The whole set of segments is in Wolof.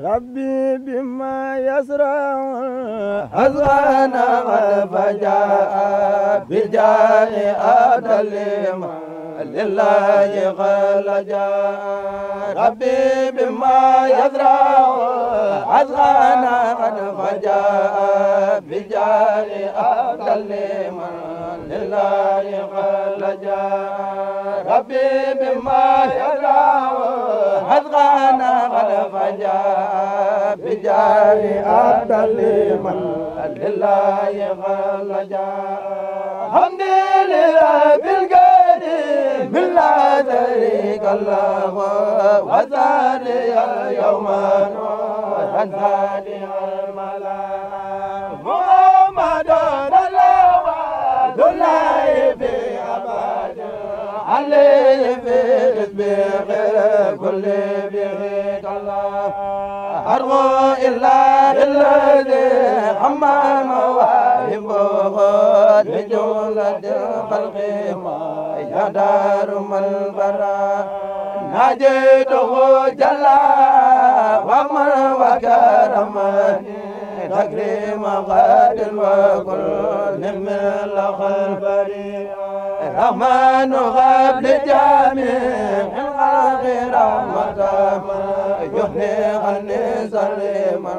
ربي بما يسرع أزغانا قد فجاء بجاه أدل لله قد جاء ربي بما يزرع أزغانا قد فجاء بجاه أدل لله قد جاء ربي بما يزرع رجا بجار أدل من لله غلجا حمد لرب القدر من لا شريك له وزاري اليوم وزاري الملا محمد الله الله في أبد عليه في كل بغير أرغو إلا بالذي أما مواهبه لجولة الخلق ما يدار من برا ناجيته جلا ومن وكرمه تكريم غد وكل من الخلف رحمن قبل جميع الخلق رحمة يهني عني سليما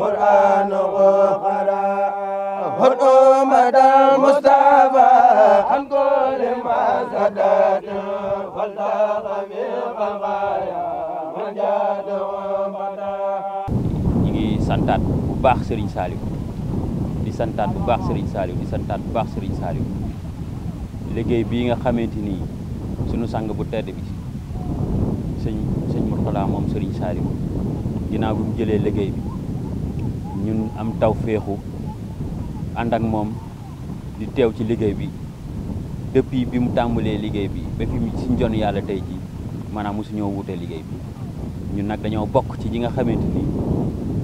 قرآن وقرآن هدو مدى المصطفى عن كل ما سدد والله من قضايا من جاد وبدا santaat bu baax sëriñ Saliou di santaat bu baax sëriñ Saliou di santaat bu baax Serigne Saliou liggéey bii nga xamante ni suñu sang bu tedd bi sëñ sëñ Mourtala moom sëriñ Saliou ginnaaw bi mu jëlee liggéey bi ñun am taw féexu ànd ak moom di teew ci liggéey bi depuis bi mu tàmbalee liggéey bi ba fi mu yàlla tey ji maanaam mosu ñoo wutee liggéey bi ñun nag dañoo bokk ci ñi nga xamante ni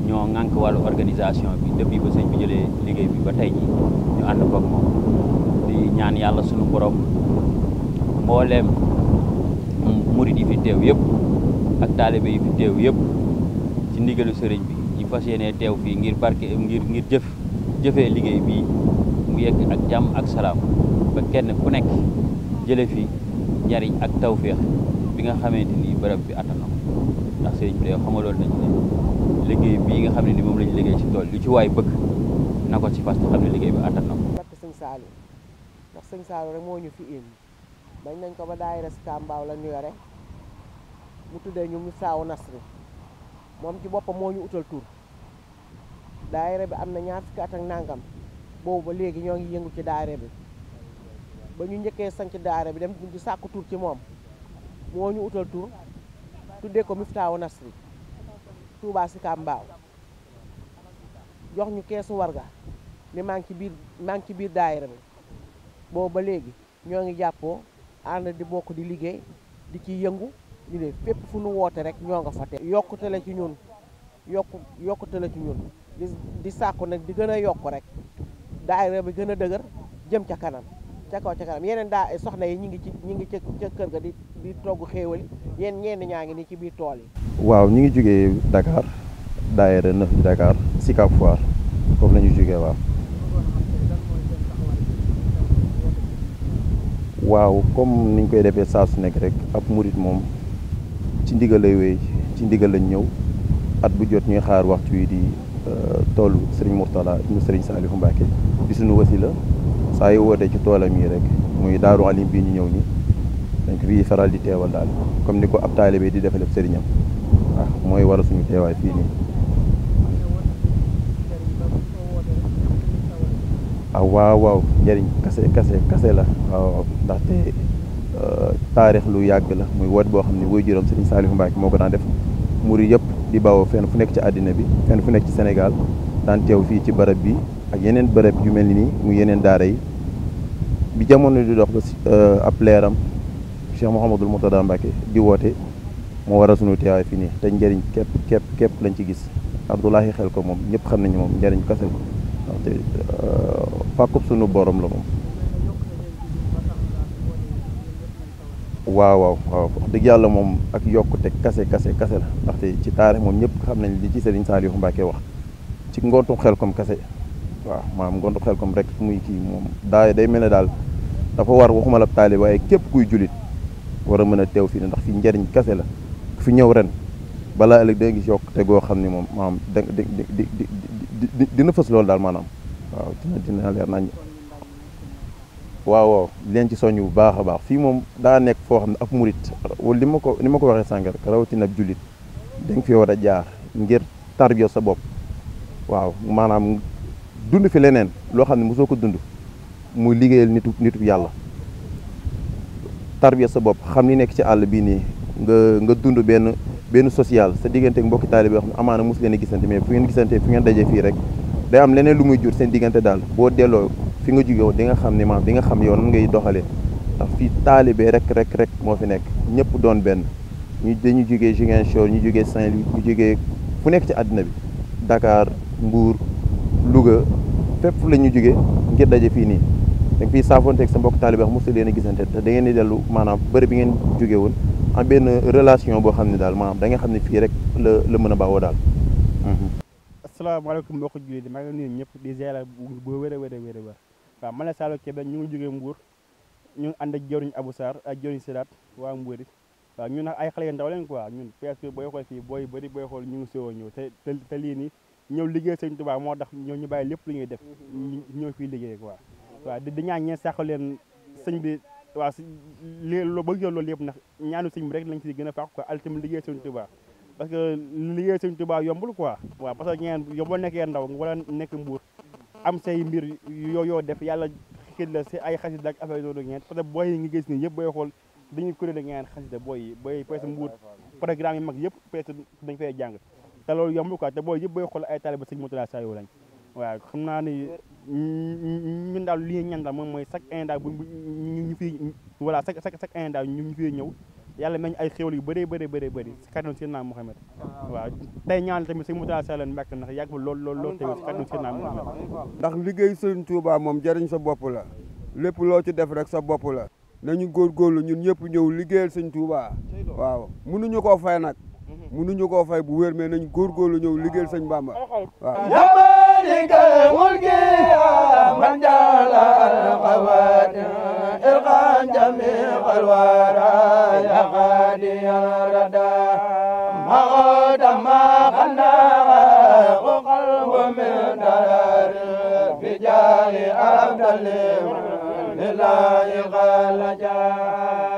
ñoo ŋànk wàllu organisation bi depuis ba sëñ bi jëlee liggéey bi ba tey ji ñu ànd koog moom di ñaan yàlla sunu borom mbooleem murid yi fi teew yëpp ak taalibe yi fi teew yëpp ci ndigalu sëriñ bi ñu fas yéenee teew fii ngir barke ngir ngir jëf jëfe liggéey bi mu yegg ak jàmm ak salaam ba kenn ku nekk jële fi njariñ ak tawféex bi nga xamante ni bërëb bi attan ndax sëriñ bi day xamaloon nañ ne liggéey bii nga xam ne ni moom lañuy liggéey ci tool lu ci waay bëgg na ko ci fas xam ne liggéey bi attan na ko barke sëñ Saliou ndax moo ñu fi indi nañ ko ba daayira si Kambaaw la ñu yore mu tuddee ñu Misaawu Nasri moom ci boppam moo ñu utal tur daayira bi am na ñaar fukki at ak boobu ba léegi ñoo ngi yëngu ci daayira bi ba ñu njëkkee sanc daayira bi dem di sàkku tur ci moom moo ñu utal tur tuddee ko Miftaawu Nasri Touba si Kambaaw jox ñu keesu warga ni maa ngi ci biir maa ngi ci biir daayira bi boobu ba léegi ñoo ngi jàppoo ànd di bokk di liggéey di ci yëngu di ne fépp fu nu woote rek ñoo nga fa te yokkute la ci ñun yokku yokkute la ci ñun di di nag di gën a yokku rek daayira bi gën a dëgër jëm ca kanam ca kaw ca kanam yeneen daa soxna yi ñu ngi ci ñu ngi ca ca kër ga di di togg xéewali yéen ñaa ngi ni ci biir tool yi waaw ñu ngi jógee Dakar daayira neuf bi Dakar si Cap Foire foofu la jógee waaw waaw comme niñ koy defee saa su nekk rek ab murit moom ci ndigal lay wéy ci ndigal lañ ñëw at bu jot ñuy xaar waxtu wi di euh, toolu Serigne Mourtala ibnu Serigne Saliou Mbacké di suñu la saa yu woote ci toolam yi rek muy daaru alim bii ñu ñëw nii dañ ko fii faral di teewal daal comme ni ko ab taalibe di defal ab sëriñam waaw ah, mooy waral suñu teewaay fii nii ah waaw waaw kase kase kase la waaw ndaxte euh, taarix lu yàgg la muy woot boo xam ne woy juróom sëriñ Saliou Mbacké moo ko daan def muri yëpp di bawoo fenn fu nekk ci àddina bi fenn fu nekk ci senegal daan teew fii ci barab bi ak yeneen bërëb yu mel ni mu yeneen daara yi bi jamono di dox ba euh, ab leeram Cheikh Mouhamadul Moutada Mbacke di woote moo war a sunu teewaay fii nii te njariñ képp képp képp lañ ci gis Abdoulahi xel ko moom ñëpp xam nañu moom njariñ kese ko ndaxte euh, fàkkub sunu boroom la moom. waaw waaw wax dëgg yàlla moom ak yokkute kase kase kase la ndaxte ci taarix moom ñëpp xam nañ li ci Serigne Saliou Mbacke wax ci ngoontum xel kom kase. waaw maam ngontu xel comme rek muy kii moom daa day mel ne daal dafa war waxuma la taalibe waaye képp kuy julit war a mën a teew fii ndax fi njariñ kase la fi ñëw ren balaa ëllëg da gis yokkute goo xam ni moom maam da di di dina fës loolu daal maanaam waaw dina dina leer waaw waaw leen ci soññ bu baax a baax fii moom daa nekk foo xam ne ak murit li ma ko li ma ko waxee sànq rek rawatina ab julit da nga fi war a jaar ngir tarbiya sa bopp waaw maanaam dund fi leneen loo xam ne mosoo ko dund muy liggéeyal nitu nitu yàlla tarbiya sa bopp xam ni nekk ci àll bii nii nga nga dund benn benn social sa diggante ak mbokki taalibe yoo xam ne amaana mos leen a gisante mais fu ngeen rek day am leneen lu muy jur seen diggante daal boo delloo fi nga jóge woon di nga xam ne maam di nga xam yow nan ngay doxalee ndax fii taalibe rek rek rek moo fi nekk ñëpp doon benn ñu dañu jógee Ziguinchor ñu jógee Saint-Louis ñu juge fu nekk ci àddina bi Dakar Mbour Louga fépp la ñu jógee ngir daje fii nii da nga fiy saafonteeg sa mbokk taalibe wax mosul leen a gisante te da ngeen di dellu maanaam bëri bi ngeen jóge woon am benn relation boo xam ne daal maa da nga xam ne fii rek la la mën a baawoo daal. Mhm. asalaamaaleykum mbokki jullit yi maa ngi nuyu ñëpp di ziyaara bu wér a wér a wér a wér waaw man la Saliou Kébé ñu ngi jógee ñu ngi ànd ak jëriñ Abou Sarr ak jëriñ Sidaat waa Mbour it waaw ñun ay xale yu ndaw lañ ñu ñun PSP booy xool booy bëri booy xool ñu ngi sowoo ñëw te te lii nii ñëw liggéey sëñ Tuubaa moo tax ñoo ñu bàyyi lépp lu ñuy def mm-hmm. ñëw fii liggéey quoi waaw di ñaan ñeen saxu leen sëñ bi waa li loo bëgg yoon loolu yëpp ndax ñaanu sëñ bi rek lañ ci gën a faax quoi altami liggéey sëñ Tuubaa parce que liggéey sëñ Tuubaa yombul quoi waaw parce que ñeen yombul nekkee ndaw wala nekk mbuur am say mbir yoo yoo def yàlla xiit la si ay xasida ak affaire yooyu ñeen parce que booy yi nga gis nii yëpp booy xool dañuy kuréel a ñaan xasida bo yi booy yi presque mbuur programme yi mag yëpp presque dañ fay jàng te loolu yombul quoi te booy yëpp booy xool ay taaliba sëñ Mountakha Saliou lañ waaw xam naa ne ñun daal li ñaan daal moom mooy chaque année daal bu ñu fi voilà chaque chaque année daal ñu fi ñëw yàlla meñ ay xéwal yu bëree bëri bëri bëri si kàddu Seydina Mouhamed waaw tey ñaan tamit sëñ Mountakha Saliou lañ lool lool lool tey si kàddu Seydina Mouhamed ndax liggéey sëñ Touba moom jëriñ sa bopp la lépp loo ci def rek sa bopp la nañu góor góor lu ñun ñëpp ñëw liggéeyal sëñ Touba waaw mënuñu koo fay nag mënuñu koo fay bu wér mais nañ góorgóorlu ñëw liggéeyal sëñ Bamba waaw yamanika mulki man jala alxawatim ilqan jami alwara ya qadi rada maqada ma qanna وقلب من دار بجاه عبد الله لله قال جاه